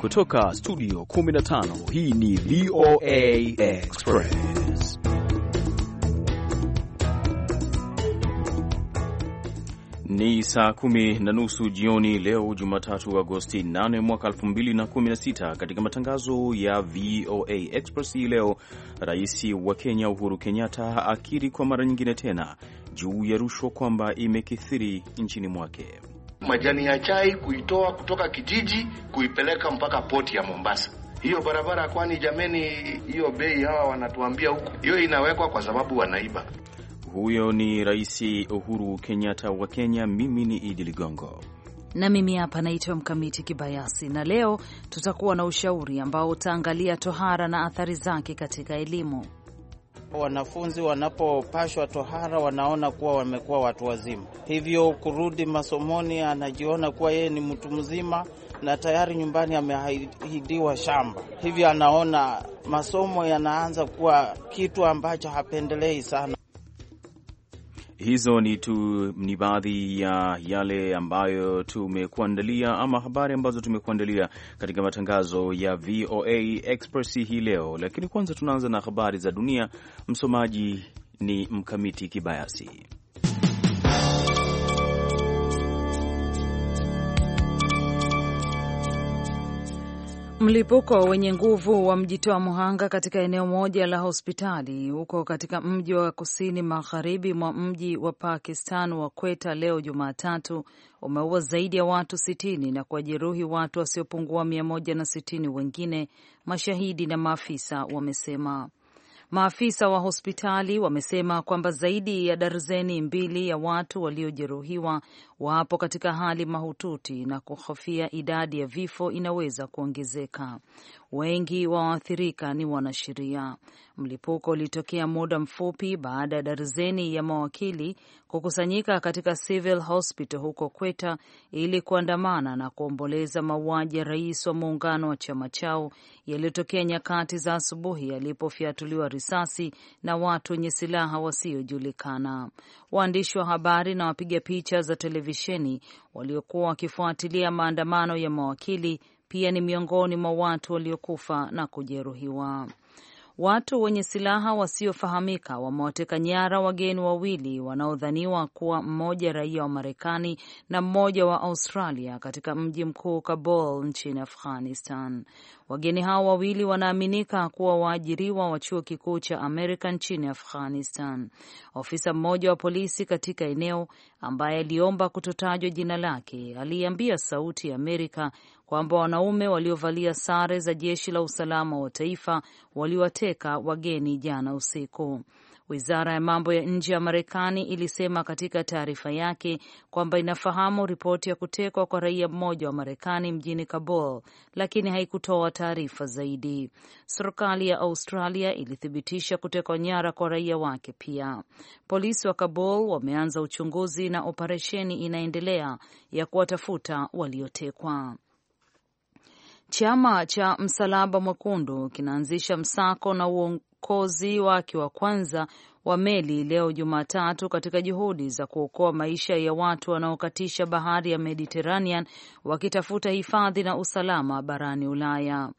Kutoka studio 15 hii ni VOA Express. Ni saa kumi na nusu jioni leo Jumatatu, Agosti 8 mwaka 2016. Katika matangazo ya VOA Express hii leo, rais wa Kenya Uhuru Kenyatta akiri kwa mara nyingine tena juu ya rushwa kwamba imekithiri nchini mwake majani ya chai kuitoa kutoka kijiji kuipeleka mpaka poti ya Mombasa. Hiyo barabara kwani, jameni, hiyo bei hawa wanatuambia huku, hiyo inawekwa kwa sababu wanaiba. Huyo ni Rais Uhuru Kenyatta wa Kenya. Mimi ni Idi Ligongo na mimi hapa naitwa Mkamiti Kibayasi, na leo tutakuwa na ushauri ambao utaangalia tohara na athari zake katika elimu wanafunzi wanapopashwa tohara wanaona kuwa wamekuwa watu wazima, hivyo kurudi masomoni anajiona kuwa yeye ni mtu mzima na tayari nyumbani ameahidiwa shamba, hivyo anaona masomo yanaanza kuwa kitu ambacho hapendelei sana. Hizo ni tu ni baadhi ya yale ambayo tumekuandalia ama habari ambazo tumekuandalia katika matangazo ya VOA Express hii leo, lakini kwanza tunaanza na habari za dunia. Msomaji ni Mkamiti Kibayasi. Mlipuko wenye nguvu wa mjitoa mhanga katika eneo moja la hospitali huko katika mji wa kusini magharibi mwa mji wa Pakistan wa Kweta leo Jumatatu umeua zaidi ya watu sitini na kuwajeruhi watu wasiopungua na sitini wengine, mashahidi na maafisa wamesema. Maafisa wa hospitali wamesema kwamba zaidi ya darzeni mbili ya watu waliojeruhiwa wapo katika hali mahututi na kuhofia idadi ya vifo inaweza kuongezeka. Wengi wa waathirika ni wanasheria. Mlipuko ulitokea muda mfupi baada ya darzeni ya mawakili kukusanyika katika Civil Hospital huko Kweta ili kuandamana na kuomboleza mauaji ya rais wa muungano wa chama chao yaliyotokea nyakati za asubuhi alipofyatuliwa risasi na watu wenye silaha wasiojulikana. Waandishi wa habari na wapiga picha za televisheni televisheni waliokuwa wakifuatilia maandamano ya mawakili pia ni miongoni mwa watu waliokufa na kujeruhiwa. Watu wenye silaha wasiofahamika wamewateka nyara wageni wawili wanaodhaniwa kuwa mmoja raia wa Marekani na mmoja wa Australia katika mji mkuu Kabul nchini Afghanistan. Wageni hao wawili wanaaminika kuwa waajiriwa wa chuo kikuu cha Amerika nchini Afghanistan. Ofisa mmoja wa polisi katika eneo ambaye aliomba kutotajwa jina lake aliambia Sauti ya Amerika kwamba wanaume waliovalia sare za jeshi la usalama wa taifa waliwateka wageni jana usiku. Wizara ya mambo ya nje ya Marekani ilisema katika taarifa yake kwamba inafahamu ripoti ya kutekwa kwa raia mmoja wa Marekani mjini Kabul, lakini haikutoa taarifa zaidi. Serikali ya Australia ilithibitisha kutekwa nyara kwa raia wake pia. Polisi wa Kabul wameanza uchunguzi na operesheni inaendelea ya kuwatafuta waliotekwa. Chama cha Msalaba Mwekundu kinaanzisha msako na uokozi wake wa kwanza wa meli leo Jumatatu katika juhudi za kuokoa maisha ya watu wanaokatisha bahari ya Mediterranean wakitafuta hifadhi na usalama barani Ulaya.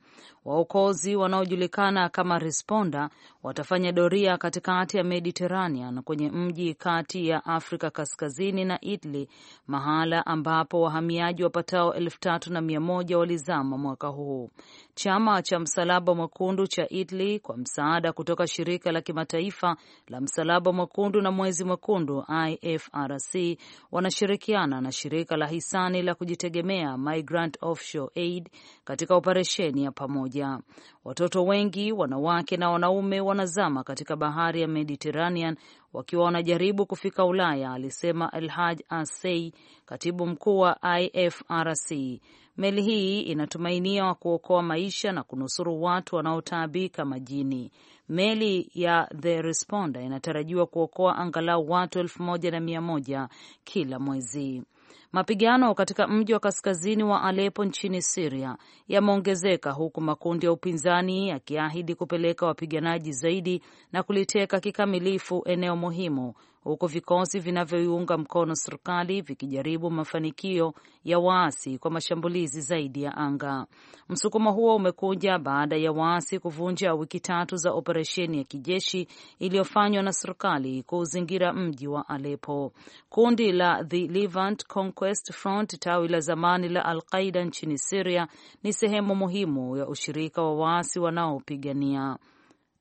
Waokozi wanaojulikana kama Responda watafanya doria katikati ya mediteranean kwenye mji kati ya Afrika Kaskazini na Italy, mahala ambapo wahamiaji wapatao elfu tatu na mia moja walizama mwaka huu. Chama cha Msalaba Mwekundu cha Italy kwa msaada kutoka shirika la kimataifa la Msalaba Mwekundu na Mwezi Mwekundu IFRC wanashirikiana na shirika la hisani la kujitegemea Migrant Offshore Aid katika operesheni ya pamoja moja. Watoto wengi, wanawake na wanaume, wanazama katika bahari ya Mediterranean wakiwa wanajaribu kufika Ulaya, alisema Elhaj Asei, katibu mkuu wa IFRC. Meli hii inatumainia kuokoa maisha na kunusuru watu wanaotaabika majini. Meli ya The Responder inatarajiwa kuokoa angalau watu elfu moja na mia moja kila mwezi. Mapigano katika mji wa kaskazini wa Alepo nchini Siria yameongezeka huku makundi ya upinzani yakiahidi kupeleka wapiganaji zaidi na kuliteka kikamilifu eneo muhimu huku vikosi vinavyoiunga mkono serikali vikijaribu mafanikio ya waasi kwa mashambulizi zaidi ya anga. Msukumo huo umekuja baada ya waasi kuvunja wiki tatu za operesheni ya kijeshi iliyofanywa na serikali kuuzingira mji wa Aleppo. Kundi la The Levant Conquest Front, tawi la zamani la Al-Qaida nchini Syria, ni sehemu muhimu ya ushirika wa waasi wanaopigania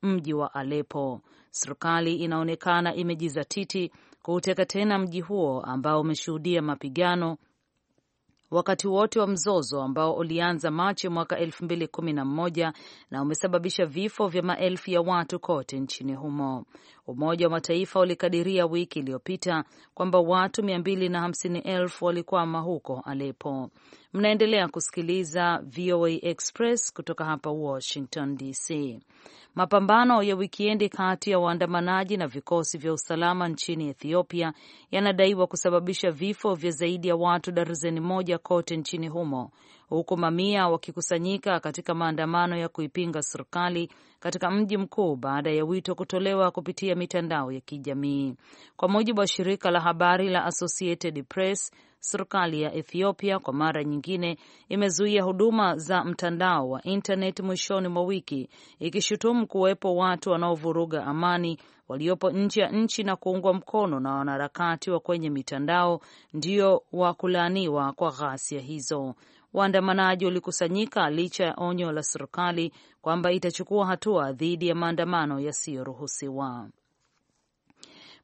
mji wa Aleppo. Serikali inaonekana imejizatiti kuuteka tena mji huo ambao umeshuhudia mapigano wakati wote wa mzozo ambao ulianza Machi mwaka 2011 na umesababisha vifo vya maelfu ya watu kote nchini humo. Umoja wa Mataifa ulikadiria wiki iliyopita kwamba watu 250,000 walikwama huko Aleppo. Mnaendelea kusikiliza VOA Express kutoka hapa Washington DC. Mapambano ya wikiendi kati ya waandamanaji na vikosi vya usalama nchini Ethiopia yanadaiwa kusababisha vifo vya zaidi ya watu darzeni moja kote nchini humo, huku mamia wakikusanyika katika maandamano ya kuipinga serikali katika mji mkuu baada ya wito kutolewa kupitia mitandao ya kijamii. Kwa mujibu wa shirika la habari la Associated Press, serikali ya Ethiopia kwa mara nyingine imezuia huduma za mtandao wa intnet mwishoni mwa wiki, ikishutumu kuwepo watu wanaovuruga amani waliopo nje ya nchi na kuungwa mkono na wanaharakati wa kwenye mitandao ndio wa kulaaniwa kwa ghasia hizo. Waandamanaji walikusanyika licha ya onyo la serikali kwamba itachukua hatua dhidi ya maandamano yasiyoruhusiwa.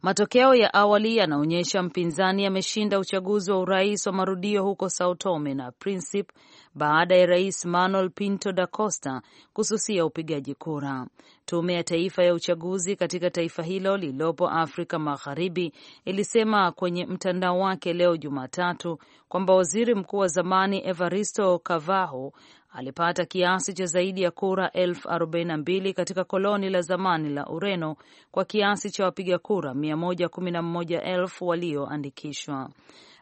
Matokeo ya awali yanaonyesha mpinzani ameshinda uchaguzi wa urais wa marudio huko Sao Tome na Principe baada ya rais Manuel Pinto da Costa kususia upigaji kura. Tume ya Taifa ya Uchaguzi katika taifa hilo lililopo Afrika Magharibi ilisema kwenye mtandao wake leo Jumatatu kwamba waziri mkuu wa zamani Evaristo Cavaho alipata kiasi cha zaidi ya kura elfu arobaini na mbili katika koloni la zamani la Ureno kwa kiasi cha wapiga kura mia moja kumi na mmoja elfu walioandikishwa.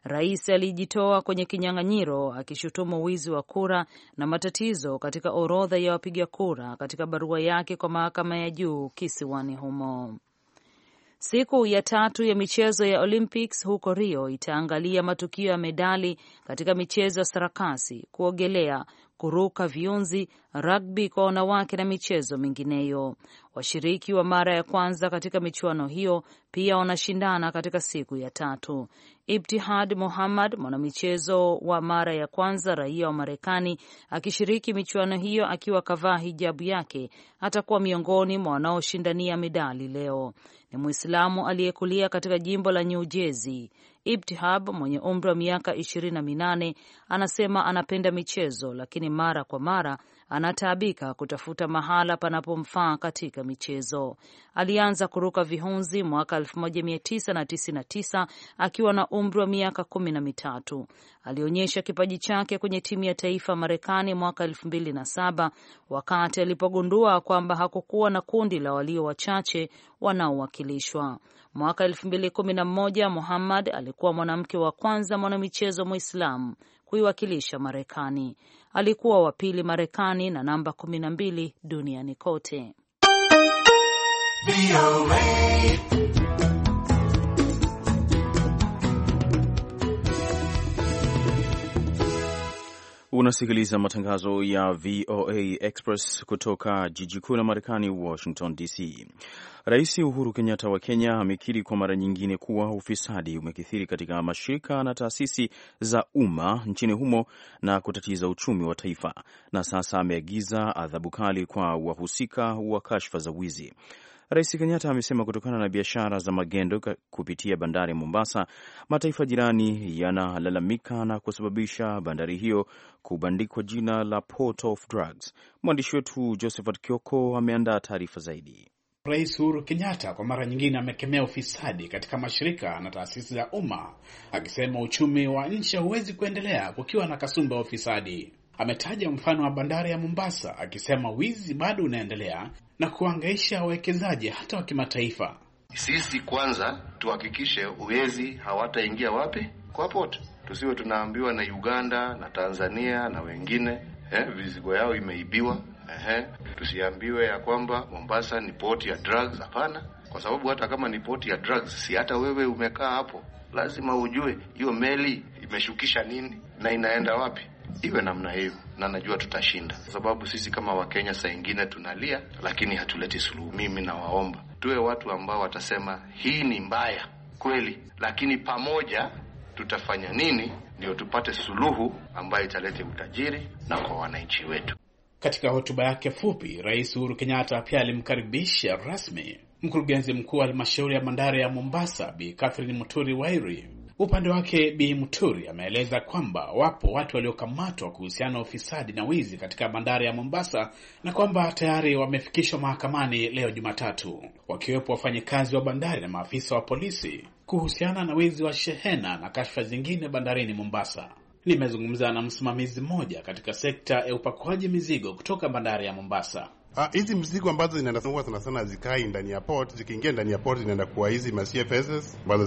Rais alijitoa kwenye kinyang'anyiro akishutumu wizi wa kura na matatizo katika orodha ya wapiga kura katika barua yake kwa mahakama ya juu kisiwani humo. Siku ya tatu ya michezo ya Olympics huko Rio itaangalia matukio ya medali katika michezo ya sarakasi, kuogelea, kuruka viunzi, ragbi kwa wanawake na michezo mingineyo. Washiriki wa mara ya kwanza katika michuano hiyo pia wanashindana katika siku ya tatu. Ibtihad Muhammad, mwanamichezo wa mara ya kwanza raia wa Marekani akishiriki michuano hiyo akiwa kavaa hijabu yake, atakuwa miongoni mwa wanaoshindania medali leo. Ni Mwislamu aliyekulia katika jimbo la New Jersey. Ibtihab mwenye umri wa miaka ishirini na minane anasema anapenda michezo, lakini mara kwa mara anataabika kutafuta mahala panapomfaa katika michezo. Alianza kuruka vihunzi mwaka 1999 akiwa na umri wa miaka kumi na mitatu. Alionyesha kipaji chake kwenye timu ya taifa Marekani mwaka 2007 wakati alipogundua kwamba hakukuwa na kundi la walio wachache wanaowakilishwa. Mwaka 2011 Muhammad alikuwa mwanamke wa kwanza mwanamichezo Mwislamu kuiwakilisha Marekani. Alikuwa wa pili Marekani na namba 12 duniani kote. Unasikiliza matangazo ya VOA Express kutoka jiji kuu la Marekani, Washington DC. Rais Uhuru Kenyatta wa Kenya amekiri kwa mara nyingine kuwa ufisadi umekithiri katika mashirika na taasisi za umma nchini humo na kutatiza uchumi wa taifa, na sasa ameagiza adhabu kali kwa wahusika wa kashfa za wizi. Rais Kenyatta amesema kutokana na biashara za magendo kupitia bandari ya Mombasa, mataifa jirani yanalalamika na kusababisha bandari hiyo kubandikwa jina la Port of Drugs. Mwandishi wetu Josephat Kioko ameandaa taarifa zaidi. Rais Uhuru Kenyatta kwa mara nyingine amekemea ufisadi katika mashirika na taasisi za umma akisema uchumi wa nchi hauwezi kuendelea kukiwa na kasumba ya ufisadi. Ametaja mfano wa bandari ya Mombasa akisema wizi bado unaendelea na kuangaisha wawekezaji hata wa kimataifa. Sisi kwanza tuhakikishe uwezi hawataingia wapi kwa port, tusiwe tunaambiwa na Uganda na Tanzania na wengine eh, vizigo yao imeibiwa eh, tusiambiwe ya kwamba Mombasa ni port ya drugs. Hapana, kwa sababu hata kama ni port ya drugs, si hata wewe umekaa hapo, lazima ujue hiyo meli imeshukisha nini na inaenda wapi iwe namna hiyo, na najua tutashinda, kwa sababu sisi kama Wakenya saa ingine tunalia, lakini hatuleti suluhu. Mimi nawaomba tuwe watu ambao watasema hii ni mbaya kweli, lakini pamoja tutafanya nini ndio tupate suluhu ambayo italete utajiri na kwa wananchi wetu. Katika hotuba yake fupi, Rais Uhuru Kenyatta pia alimkaribisha rasmi mkurugenzi mkuu wa halmashauri ya bandari ya Mombasa, Bi Catherine Muturi Wairi Upande wake Bi Muturi ameeleza kwamba wapo watu waliokamatwa kuhusiana na ufisadi na wizi katika bandari ya Mombasa na kwamba tayari wamefikishwa mahakamani leo Jumatatu, wakiwepo wafanyikazi wa bandari na maafisa wa polisi kuhusiana na wizi wa shehena na kashfa zingine bandarini Mombasa. Nimezungumza na msimamizi mmoja katika sekta ya upakuaji mizigo kutoka bandari ya Mombasa. Ah, hizi mzigo ambazo zinaenda sana sana zikai ndani ya port, zikiingia ndani ya port zinaenda kuwa hizi ma CFS ambazo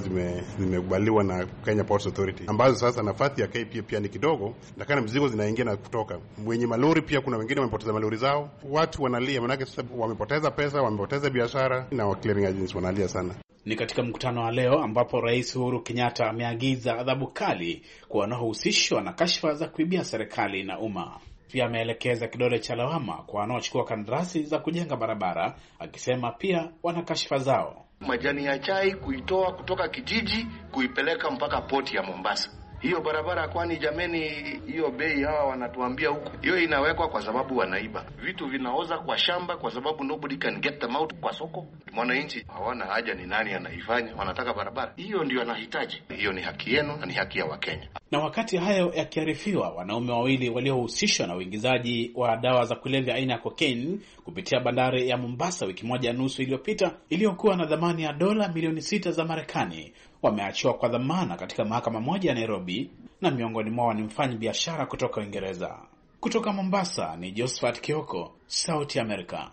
zimekubaliwa na Kenya Ports Authority, ambazo sasa nafasi ya KPA pia ni kidogo, na kana mzigo zinaingia na kutoka. Wenye malori pia kuna wengine wamepoteza malori zao, watu wanalia, maanake sasa wamepoteza pesa, wamepoteza biashara na wa clearing agents wanalia sana. Ni katika mkutano wa leo ambapo Rais Uhuru Kenyatta ameagiza adhabu kali kwa wanaohusishwa na kashfa za kuibia serikali na umma. Pia ameelekeza kidole cha lawama kwa wanaochukua kandarasi za kujenga barabara, akisema pia wana kashifa zao. Majani ya chai kuitoa kutoka kijiji kuipeleka mpaka poti ya Mombasa hiyo barabara, kwani jameni, hiyo bei hawa wanatuambia huku, hiyo inawekwa kwa sababu wanaiba vitu, vinaoza kwa shamba kwa sababu nobody can get them out kwa soko. Mwananchi hawana haja, ni nani anaifanya? Wanataka barabara hiyo, ndio anahitaji. Hiyo ni haki yenu na ni haki ya Wakenya. Na wakati hayo yakiarifiwa, wanaume wawili waliohusishwa na uingizaji wa dawa za kulevya aina ya cocaine kupitia bandari ya Mombasa wiki moja nusu iliyopita iliyokuwa na dhamani ya dola milioni sita za Marekani wameachiwa kwa dhamana katika mahakama moja ya Nairobi, na miongoni mwao ni mfanyi biashara kutoka Uingereza. Kutoka Mombasa ni Josephat Kioko, Sauti Amerika.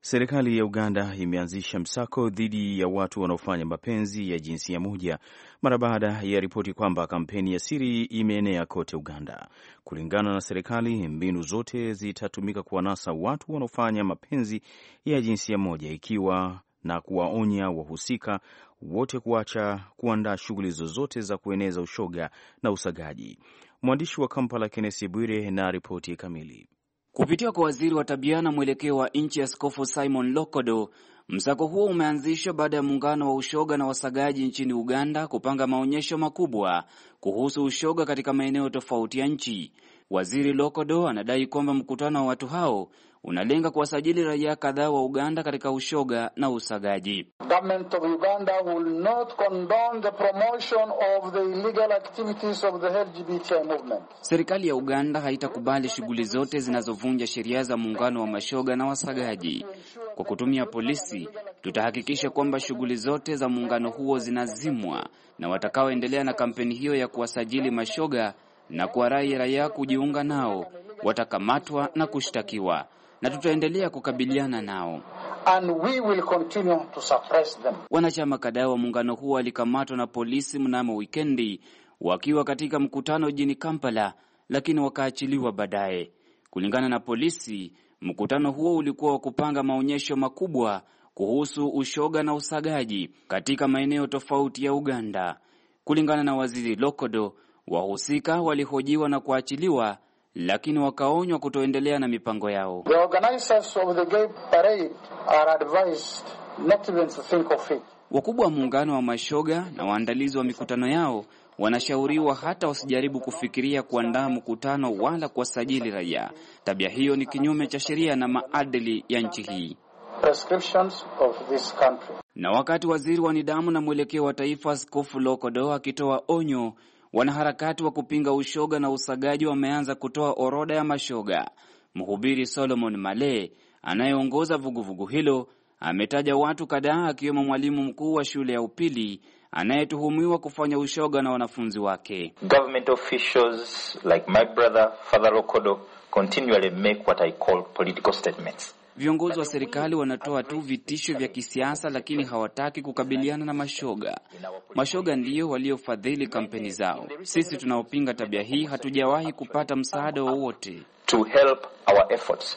Serikali ya Uganda imeanzisha msako dhidi ya watu wanaofanya mapenzi ya jinsia moja mara baada ya ripoti kwamba kampeni ya siri imeenea kote Uganda. Kulingana na serikali, mbinu zote zitatumika kuwanasa watu wanaofanya mapenzi ya jinsia moja, ikiwa na kuwaonya wahusika wote kuacha kuandaa shughuli zozote za kueneza ushoga na usagaji. Mwandishi wa Kampala Kennesi Bwire na ripoti kamili. Kupitia kwa waziri wa tabia na mwelekeo wa nchi Askofu Simon Lokodo, msako huo umeanzishwa baada ya muungano wa ushoga na wasagaji nchini Uganda kupanga maonyesho makubwa kuhusu ushoga katika maeneo tofauti ya nchi. Waziri Lokodo anadai kwamba mkutano wa watu hao unalenga kuwasajili raia kadhaa wa Uganda katika ushoga na usagaji. Government of Uganda will not condone the promotion of the illegal activities of the LGBTI movement. Serikali ya Uganda haitakubali shughuli zote zinazovunja sheria za muungano wa mashoga na wasagaji. Kwa kutumia polisi, tutahakikisha kwamba shughuli zote za muungano huo zinazimwa na watakaoendelea na kampeni hiyo ya kuwasajili mashoga na kuwarai raia kujiunga nao watakamatwa na kushtakiwa na tutaendelea kukabiliana nao. And we will continue to suppress them. Wanachama kadhaa wa muungano huo walikamatwa na polisi mnamo wikendi wakiwa katika mkutano jini Kampala, lakini wakaachiliwa baadaye. Kulingana na polisi, mkutano huo ulikuwa wa kupanga maonyesho makubwa kuhusu ushoga na usagaji katika maeneo tofauti ya Uganda. Kulingana na Waziri Lokodo, wahusika walihojiwa na kuachiliwa lakini wakaonywa kutoendelea na mipango yao. The organizers of the gay parade are advised not even to think of it. Wakubwa wa muungano wa mashoga na waandalizi wa mikutano yao wanashauriwa hata wasijaribu kufikiria kuandaa mkutano wala kuwasajili raia. Tabia hiyo ni kinyume cha sheria na maadili ya nchi hii. Na wakati waziri wa nidhamu na mwelekeo wa taifa Askofu Lokodo akitoa onyo Wanaharakati wa kupinga ushoga na usagaji wameanza kutoa orodha ya mashoga. Mhubiri Solomon Male anayeongoza vuguvugu hilo ametaja watu kadhaa akiwemo mwalimu mkuu wa shule ya upili anayetuhumiwa kufanya ushoga na wanafunzi wake. Government officials like my brother Father continually make what I call political statements. Viongozi wa serikali wanatoa tu vitisho vya kisiasa, lakini hawataki kukabiliana na mashoga. Mashoga ndiyo waliofadhili kampeni zao. Sisi tunaopinga tabia hii hatujawahi kupata msaada wowote.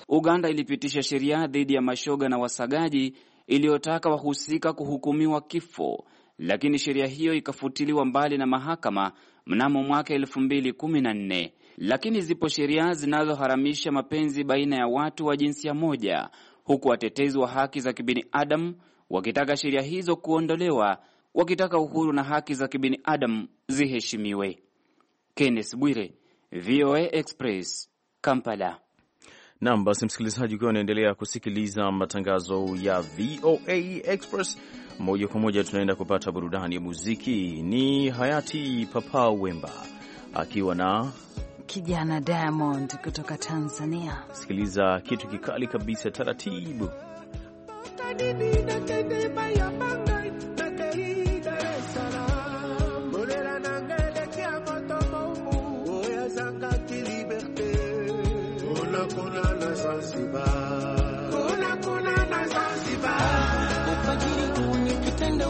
Uganda ilipitisha sheria dhidi ya mashoga na wasagaji iliyotaka wahusika kuhukumiwa kifo, lakini sheria hiyo ikafutiliwa mbali na mahakama mnamo mwaka 2014, lakini zipo sheria zinazoharamisha mapenzi baina ya watu wa jinsia moja, huku watetezi wa haki za kibinadamu wakitaka sheria hizo kuondolewa, wakitaka uhuru na haki za kibinadamu ziheshimiwe. Kenneth Bwire, VOA Express, Kampala. Nam, basi msikilizaji, ukiwa unaendelea kusikiliza matangazo ya VOA Express moja kwa moja tunaenda kupata burudani ya muziki. Ni hayati Papa Wemba akiwa na kijana Diamond kutoka Tanzania. Sikiliza kitu kikali kabisa, taratibu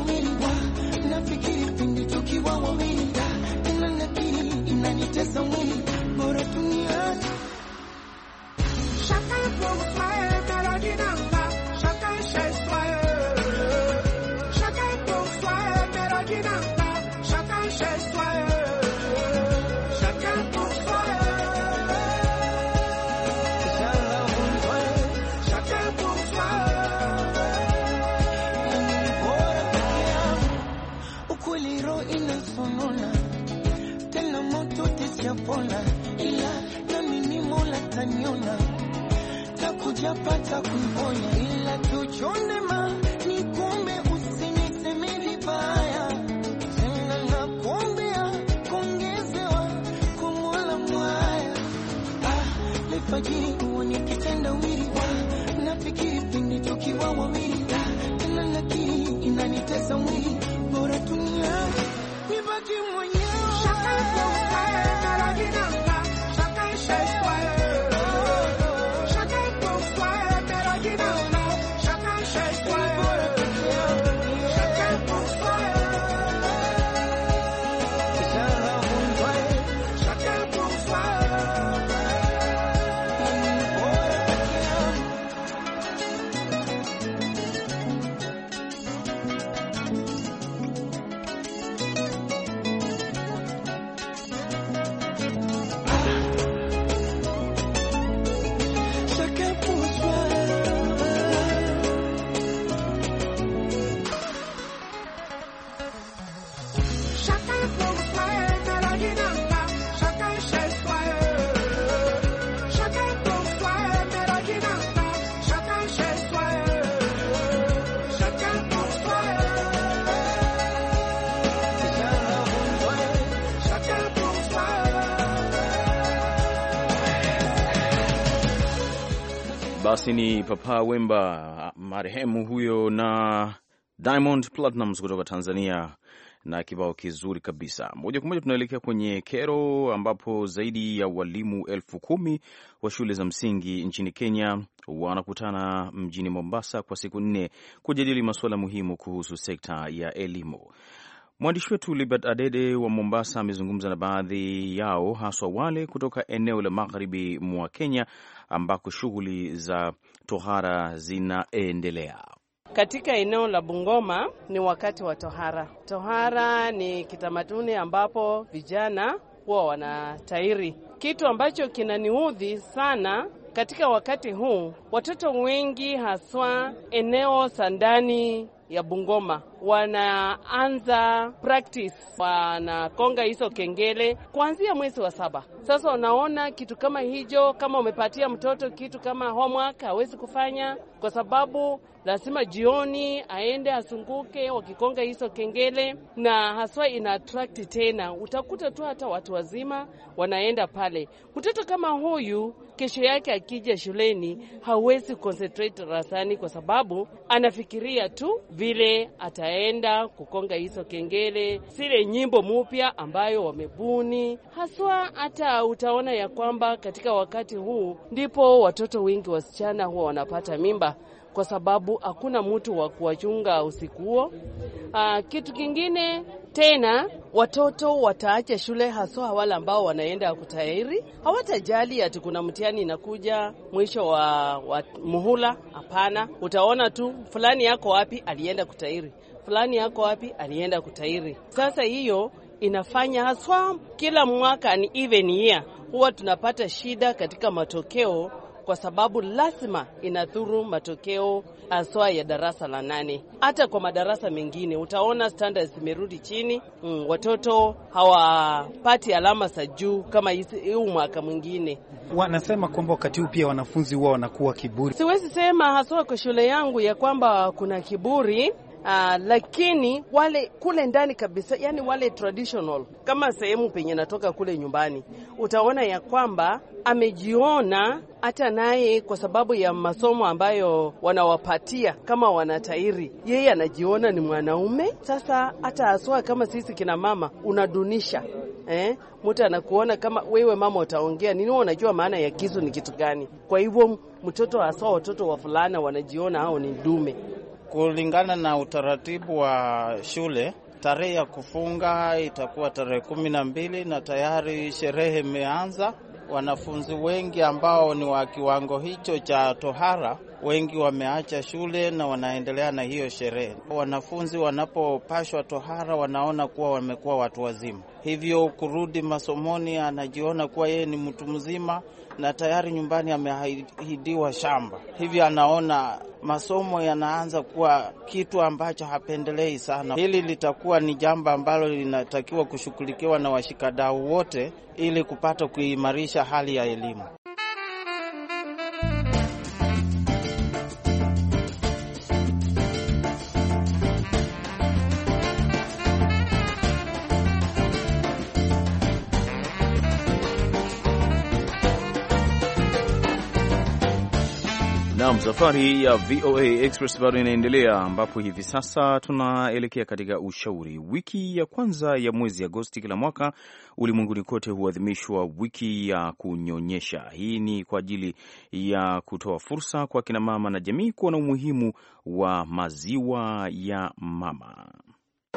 going you when you Basi ni Papa Wemba marehemu huyo na Diamond Platnumz kutoka Tanzania na kibao kizuri kabisa. Moja kwa moja tunaelekea kwenye kero, ambapo zaidi ya walimu elfu kumi wa shule za msingi nchini Kenya wanakutana mjini Mombasa kwa siku nne kujadili masuala muhimu kuhusu sekta ya elimu. Mwandishi wetu Libert Adede wa Mombasa amezungumza na baadhi yao, haswa wale kutoka eneo la magharibi mwa Kenya ambako shughuli za tohara zinaendelea. Katika eneo la Bungoma ni wakati wa tohara. Tohara ni kitamaduni ambapo vijana huwa wanatairi. Kitu ambacho kinaniudhi sana katika wakati huu, watoto wengi haswa eneo sandani ndani ya Bungoma wanaanza practice, wanakonga hizo kengele kuanzia mwezi wa saba. Sasa unaona kitu kama hicho, kama umepatia mtoto kitu kama homework hawezi kufanya, kwa sababu lazima jioni aende azunguke wakikonga hizo kengele, na haswa ina attract tena. Utakuta tu hata watu wazima wanaenda pale. Mtoto kama huyu kesho yake akija shuleni hawezi concentrate darasani, kwa sababu anafikiria tu vile ataenda kukonga hizo kengele, zile nyimbo mupya ambayo wamebuni haswa. Hata utaona ya kwamba katika wakati huu ndipo watoto wengi wasichana huwa wanapata mimba kwa sababu hakuna mtu wa kuwachunga usiku huo. Ah, kitu kingine tena, watoto wataacha shule, haswa wale ambao wanaenda kutairi. Hawatajali ati kuna mtihani inakuja mwisho wa, wa muhula. Hapana, utaona tu fulani yako wapi alienda kutairi, fulani yako wapi alienda kutairi. Sasa hiyo inafanya haswa, kila mwaka ni even year, huwa tunapata shida katika matokeo kwa sababu lazima inadhuru matokeo haswa ya darasa la nane. Hata kwa madarasa mengine utaona standards zimerudi chini. Mm, watoto hawapati alama za juu kama huu mwaka mwingine. Wanasema kwamba wakati huu pia wanafunzi huwa wanakuwa kiburi. Siwezi sema haswa kwa shule yangu ya kwamba kuna kiburi Uh, lakini wale kule ndani kabisa, yani wale traditional kama sehemu penye natoka kule nyumbani, utaona ya kwamba amejiona hata naye kwa sababu ya masomo ambayo wanawapatia kama wanatairi, yeye anajiona ni mwanaume. Sasa hata aswa kama sisi kina mama unadunisha eh? Mtu anakuona kama wewe mama, utaongea nini? Unajua maana ya kisu ni kitu gani? Kwa hivyo mtoto aswa, watoto wa fulana wanajiona hao ni dume kulingana na utaratibu wa shule tarehe ya kufunga itakuwa tarehe kumi na mbili na tayari sherehe imeanza. Wanafunzi wengi ambao ni wa kiwango hicho cha tohara, wengi wameacha shule na wanaendelea na hiyo sherehe. Wanafunzi wanapopashwa tohara, wanaona kuwa wamekuwa watu wazima, hivyo kurudi masomoni, anajiona kuwa yeye ni mtu mzima, na tayari nyumbani ameahidiwa shamba, hivyo anaona masomo yanaanza kuwa kitu ambacho hapendelei sana. Hili litakuwa ni jambo ambalo linatakiwa kushughulikiwa na washikadau wote ili kupata kuimarisha hali ya elimu. Naam, safari ya VOA Express bado inaendelea ambapo hivi sasa tunaelekea katika ushauri. Wiki ya kwanza ya mwezi Agosti kila mwaka ulimwenguni kote huadhimishwa wiki ya kunyonyesha. Hii ni kwa ajili ya kutoa fursa kwa kinamama na jamii kuona umuhimu wa maziwa ya mama.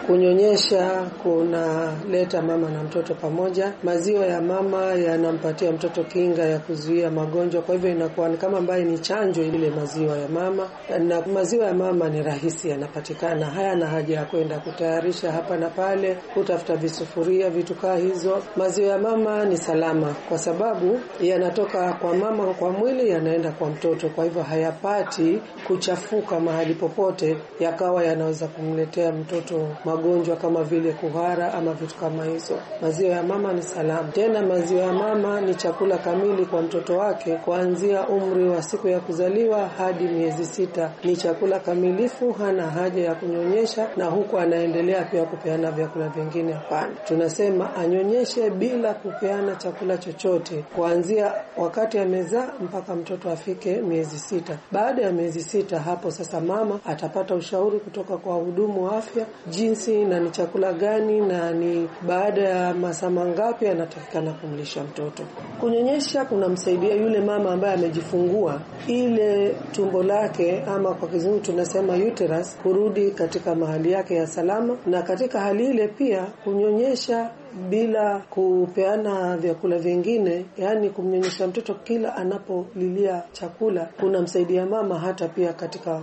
Kunyonyesha kunaleta mama na mtoto pamoja. Maziwa ya mama yanampatia mtoto kinga ya kuzuia magonjwa, kwa hivyo inakuwa kama ambaye ni chanjo ile maziwa ya mama. Na maziwa ya mama ni rahisi, yanapatikana, hayana haja ya kwenda kutayarisha hapa na pale, kutafuta visufuria, vitu kaa hizo. Maziwa ya mama ni salama kwa sababu yanatoka kwa mama kwa mwili, yanaenda kwa mtoto, kwa hivyo hayapati kuchafuka mahali popote, yakawa yanaweza kumletea mtoto magonjwa kama vile kuhara ama vitu kama hizo. Maziwa ya mama ni salama, tena maziwa ya mama ni chakula kamili kwa mtoto wake kuanzia umri wa siku ya kuzaliwa hadi miezi sita. Ni chakula kamilifu, hana haja ya kunyonyesha, na huku anaendelea pia kupeana vyakula vingine. Hapana, tunasema anyonyeshe bila kupeana chakula chochote kuanzia wakati amezaa mpaka mtoto afike miezi sita. Baada ya miezi sita, hapo sasa mama atapata ushauri kutoka kwa wahudumu wa afya jinsi na ni chakula gani na ni baada ya masaa mangapi anatakikana kumlisha mtoto. Kunyonyesha kunamsaidia yule mama ambaye amejifungua ile tumbo lake ama kwa kizungu tunasema uterus kurudi katika mahali yake ya salama, na katika hali ile pia kunyonyesha bila kupeana vyakula vingine, yaani kumnyonyesha mtoto kila anapolilia chakula kunamsaidia mama hata pia katika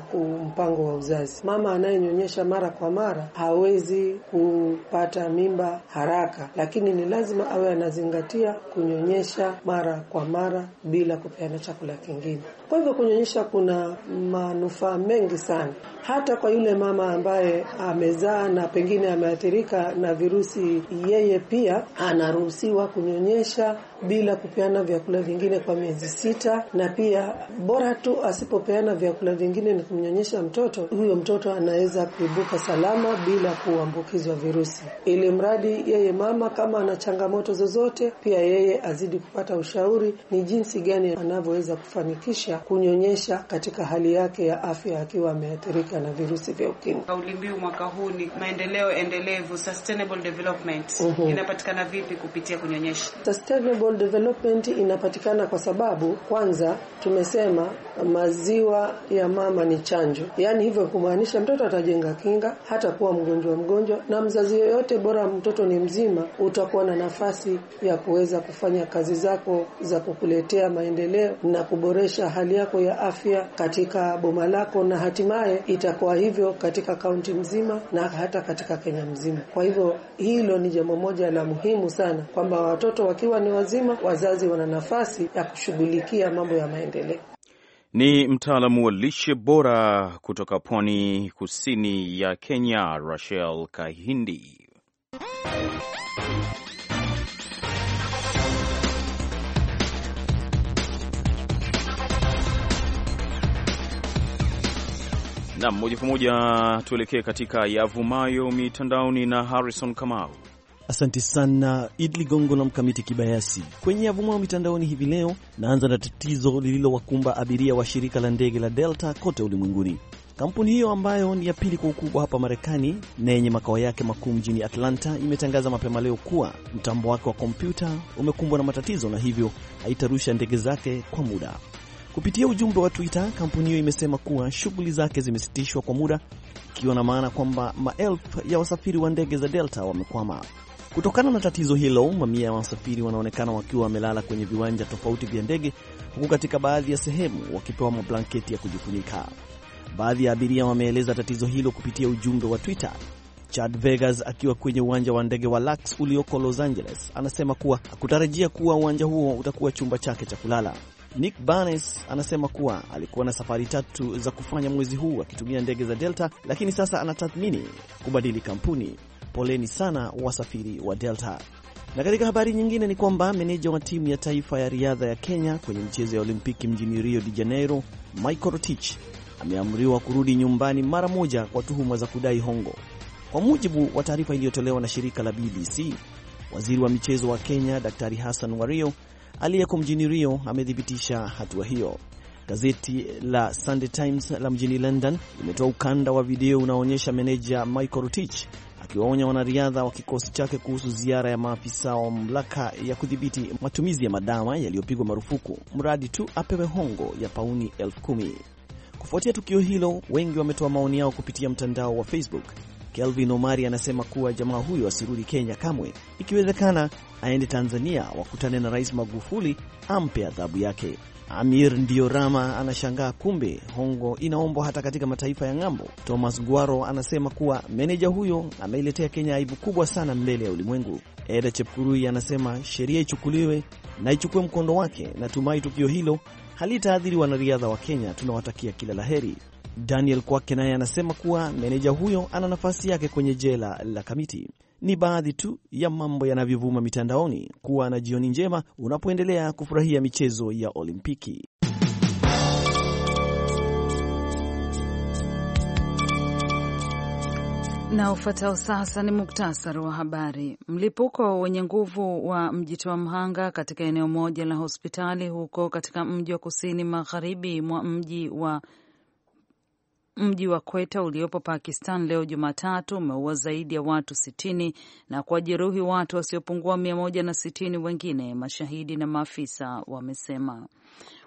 mpango wa uzazi. Mama anayenyonyesha mara kwa mara hawezi hawezi kupata mimba haraka, lakini ni lazima awe anazingatia kunyonyesha mara kwa mara bila kupeana chakula kingine. Kwa hivyo kunyonyesha kuna manufaa mengi sana, hata kwa yule mama ambaye amezaa na pengine ameathirika na virusi, yeye pia anaruhusiwa kunyonyesha bila kupeana vyakula vingine kwa miezi sita, na pia bora tu asipopeana vyakula vingine ni kumnyonyesha mtoto huyo, mtoto anaweza kuibuka salama bila kuambukizwa virusi, ili mradi yeye mama kama ana changamoto zozote, pia yeye azidi kupata ushauri ni jinsi gani anavyoweza kufanikisha kunyonyesha katika hali yake ya afya akiwa ameathirika na virusi vya ukimwi. Kauli mbiu mwaka huu ni maendeleo endelevu, sustainable development. Mhm. Inapatikana vipi? Kupitia kunyonyesha sustainable sustainable development inapatikana kwa sababu kwanza tumesema maziwa ya mama ni chanjo, yaani hivyo kumaanisha mtoto atajenga kinga, hata kuwa mgonjwa mgonjwa, na mzazi yoyote bora mtoto ni mzima, utakuwa na nafasi ya kuweza kufanya kazi zako za kukuletea maendeleo na kuboresha hali yako ya afya katika boma lako, na hatimaye itakuwa hivyo katika kaunti mzima na hata katika Kenya mzima. Kwa hivyo hilo ni jambo moja la muhimu sana kwamba watoto wakiwa ni wazima lazima wazazi wana nafasi ya kushughulikia mambo ya maendeleo. Ni mtaalamu wa lishe bora kutoka pwani kusini ya Kenya, Rachel Kahindi. Nam moja kwa moja tuelekee katika yavumayo mitandaoni na Harrison Kamau. Asante sana id ligongo na Mkamiti Kibayasi kwenye avumao mitandaoni hivi leo. Naanza na tatizo lililowakumba abiria wa shirika la ndege la Delta kote ulimwenguni. Kampuni hiyo ambayo ni ya pili kwa ukubwa hapa Marekani na yenye makao yake makuu mjini Atlanta imetangaza mapema leo kuwa mtambo wake wa kompyuta umekumbwa na matatizo na hivyo haitarusha ndege zake kwa muda. Kupitia ujumbe wa Twitter, kampuni hiyo imesema kuwa shughuli zake zimesitishwa kwa muda, ikiwa na maana kwamba maelfu ya wasafiri wa ndege za Delta wamekwama. Kutokana na tatizo hilo, mamia ya wasafiri wanaonekana wakiwa wamelala kwenye viwanja tofauti vya ndege, huku katika baadhi ya sehemu wakipewa mablanketi ya kujifunika. Baadhi ya abiria wameeleza tatizo hilo kupitia ujumbe wa Twitter. Chad Vegas akiwa kwenye uwanja wa ndege wa LAX ulioko Los Angeles anasema kuwa hakutarajia kuwa uwanja huo utakuwa chumba chake cha kulala. Nick Barnes anasema kuwa alikuwa na safari tatu za kufanya mwezi huu akitumia ndege za Delta, lakini sasa anatathmini kubadili kampuni. Poleni sana wasafiri wa Delta. Na katika habari nyingine ni kwamba meneja wa timu ya taifa ya riadha ya Kenya kwenye michezo ya Olimpiki mjini Rio de Janeiro, Michael Rotich ameamriwa kurudi nyumbani mara moja kwa tuhuma za kudai hongo. Kwa mujibu wa taarifa iliyotolewa na shirika la BBC, waziri wa michezo wa Kenya Daktari Hassan Wario aliyeko mjini Rio amethibitisha hatua hiyo. Gazeti la Sunday Times la mjini London limetoa ukanda wa video unaoonyesha meneja Michael Rotich akiwaonya wanariadha wa kikosi chake kuhusu ziara ya maafisa wa mamlaka ya kudhibiti matumizi ya madawa yaliyopigwa marufuku mradi tu apewe hongo ya pauni elfu kumi. Kufuatia tukio hilo, wengi wametoa maoni yao kupitia mtandao wa Facebook. Kelvin Omari anasema kuwa jamaa huyo asirudi Kenya kamwe, ikiwezekana aende Tanzania wakutane na Rais Magufuli ampe adhabu yake. Amir Ndiorama anashangaa kumbe hongo inaombwa hata katika mataifa ya ng'ambo. Thomas Gwaro anasema kuwa meneja huyo ameiletea Kenya aibu kubwa sana mbele ya ulimwengu. Eda Chepkurui anasema sheria ichukuliwe na ichukue mkondo wake. Natumai tukio hilo halitaadhiri wanariadha wa Kenya. Tunawatakia kila laheri. Daniel Kwake naye anasema kuwa meneja huyo ana nafasi yake kwenye jela la Kamiti. Ni baadhi tu ya mambo yanavyovuma mitandaoni. Kuwa na jioni njema unapoendelea kufurahia michezo ya Olimpiki. Na ufuatao sasa ni muktasari wa habari. Mlipuko wenye nguvu wa mjitoa mhanga katika eneo moja la hospitali huko katika mji wa kusini magharibi mwa mji wa Mji wa Kweta uliopo Pakistan leo Jumatatu umeua zaidi ya watu sitini na kuwajeruhi watu wasiopungua sitini wengine, mashahidi na maafisa wamesema.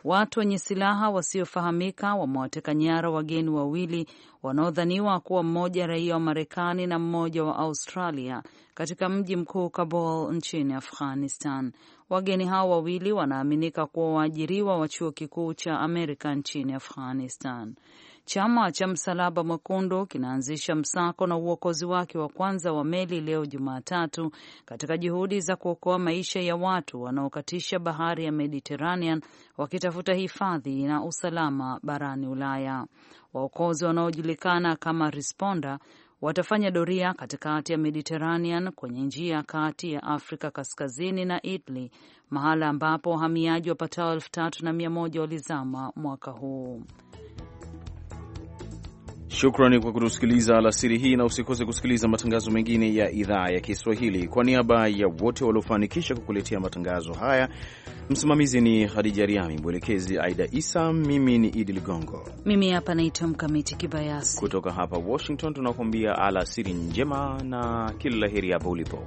Watu wenye silaha wasiofahamika wamewateka nyara wageni wawili wanaodhaniwa kuwa mmoja raia wa Marekani na mmoja wa Australia katika mji mkuu Kabul nchini Afghanistan. Wageni hao wawili wanaaminika kuwa waajiriwa wa chuo kikuu cha Amerika nchini Afghanistan. Chama cha Msalaba Mwekundu kinaanzisha msako na uokozi wake wa kwanza wa meli leo Jumatatu, katika juhudi za kuokoa maisha ya watu wanaokatisha bahari ya Mediterranean wakitafuta hifadhi na usalama barani Ulaya. Waokozi wanaojulikana kama Responda watafanya doria katikati ya Mediterranean kwenye njia kati ya Afrika Kaskazini na Italy, mahala ambapo wahamiaji wapatao elfu tatu na mia moja walizama mwaka huu. Shukrani kwa kutusikiliza alasiri hii, na usikose kusikiliza matangazo mengine ya idhaa ya Kiswahili. Kwa niaba ya wote waliofanikisha kukuletea matangazo haya, msimamizi ni hadija Riami, mwelekezi Aida Isa, mimi ni Idi Ligongo, mimi hapa naitwa Mkamiti Kibayasi. Kutoka hapa Washington tunakuambia alasiri njema na kila laheri hapo ulipo.